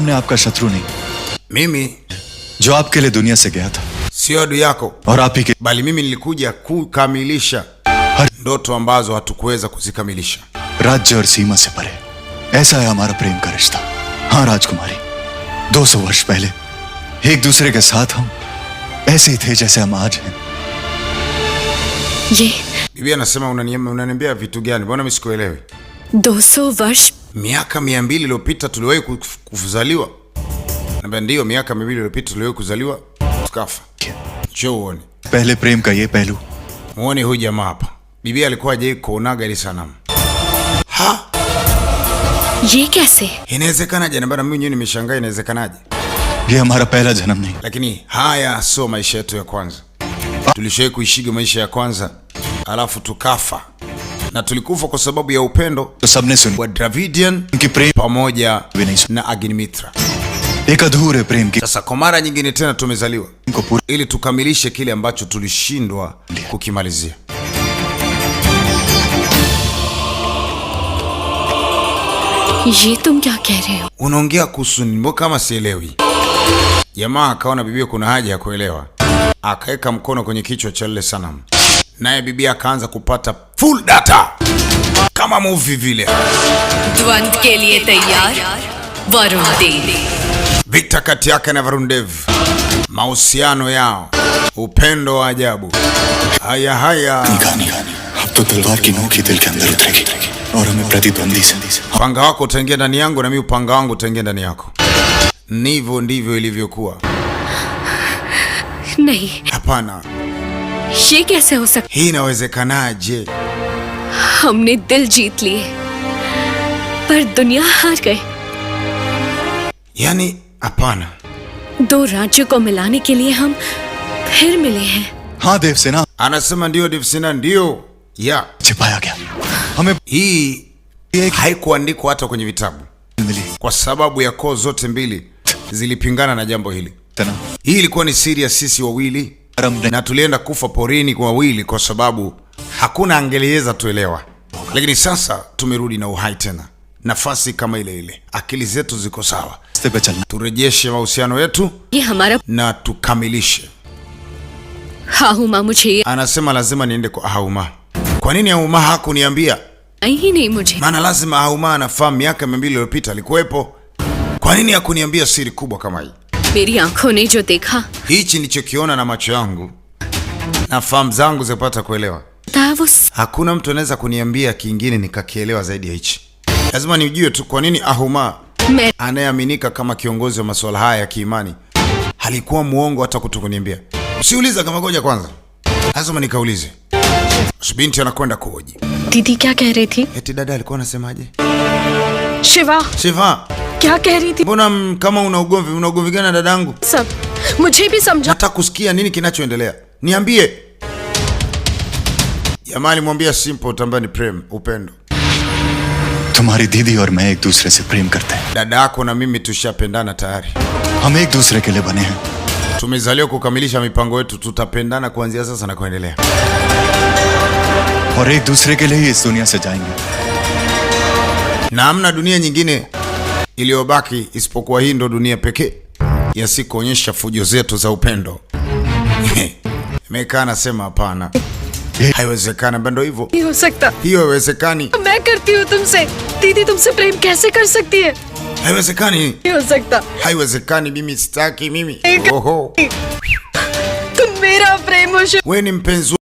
हमने आपका शत्रु नहीं mimi जो आपके लिए दुनिया से गया था sio adui yako और आप ही के bali mimi nilikuja kukamilisha ndoto ambazo hatukuweza kuzikamilisha राज्य और सीमा से परे ऐसा है हमारा प्रेम का रिश्ता हाँ राजकुमारी 200 वर्ष पहले एक दूसरे के साथ हम ऐसे ही थे जैसे हम आज हैं ये बिbi anasema unaniambia vitu gani mbona mimi sikuelewi 200 वर्ष miaka mia mbili iliyopita tuliwahi kuzaliwa? Naambia ndiyo, miaka mia mbili iliyopita tuliwahi kuzaliwa tukafa. Njoo uone pehle prem ka ye pehlu, muone huyu jamaa hapa. Bibi alikuwa je kuonaga ile sanamu ha ye kaise, inawezekanaje? Naambia mimi mwenyewe nimeshangaa, inawezekanaje? Ye hamara pehla janam nahi, lakini haya sio maisha yetu ya kwanza. Tulishawahi kuishiga maisha ya kwanza alafu tukafa na tulikufa kwa sababu ya upendo wa Dravidian pamoja na Agnimitra. Sasa kwa mara nyingine tena tumezaliwa ili tukamilishe kile ambacho tulishindwa kukimalizia. Unaongea kuhusu nimbo Kama sielewi. Jamaa akaona bibi, kuna haja ya kuelewa, akaweka mkono kwenye kichwa cha lile sanamu naye bibi akaanza kupata full data kama muvi vile. Vita kati yake na Varun Dev, mahusiano yao, upendo wa ajabu. Haya haya, upanga wako utaingia ndani yangu na mimi upanga wangu utaingia ndani yako. nivyo ndivyo ilivyokuwa. Nahi. Hapana, ये कैसे हो सकता ही नावजनाजे हमने दिल जीत लिए पर दुनिया हार गए यानी अपान दो राज्यों को मिलाने के लिए हम फिर मिले हैं हाँ देवसेना अनसमंदियो देवसेना Devsena, या ya Chipaya हमें ही एक हाई hata kwenye vitabu mili kwa sababu ya koo zote mbili zilipingana na jambo hili tena. Hii ilikuwa ni siri ya sisi wawili na tulienda kufa porini kwa wawili, kwa sababu hakuna angeliweza tuelewa. Lakini sasa tumerudi na uhai tena, nafasi kama ile ile, akili zetu ziko sawa. Turejeshe mahusiano yetu na tukamilishe. Anasema lazima niende kwa Auma. Kwa nini Auma hakuniambia? Maana lazima Auma anafahamu, miaka mia mbili iliyopita alikuwepo. Kwa nini hakuniambia siri kubwa kama hii? मेरी आंखों nijo जो hichi nilichokiona na macho yangu na fahamu zangu zipata kuelewa, Davos. hakuna mtu anaweza kuniambia kingine nikakielewa zaidi ya hichi. Lazima nijue tu kwa nini Ahuma anayeaminika kama kiongozi wa masuala haya ya kiimani alikuwa muongo hata kuniambia Usiuliza kama goja kwanza, lazima nikaulize binti anakwenda kuoji. दीदी क्या कह eti dada alikuwa anasemaje? shiva shiva क्या कह रही थी? Mbona kama una ugomvi, una ugomvi gani na dadangu? Sab, mujhe bhi samjha. Nataka kusikia nini kinachoendelea. Niambie. Jamaa alimwambia simple tambani prem, upendo. Tumhari didi aur main ek dusre se prem karte hain. Dada yako na mimi tushapendana tayari. Hum ek dusre ke liye bane hain. Tumezaliwa kukamilisha mipango yetu, tutapendana kuanzia sasa na kuendelea. Aur ek dusre ke liye is duniya se jayenge. Na hamna dunia nyingine iliyobaki isipokuwa hii ndo dunia pekee ya si kuonyesha fujo zetu za upendo. Meka anasema hapana, haiwezekana bando hivyo, hiyo haiwezekani. Main karti hu tumse didi tumse prem kaise kar sakti hai haiwezekani, haiwezekani. Mimi sitaki mimi. Oho, tum mera prem ho, wewe ni mpenzi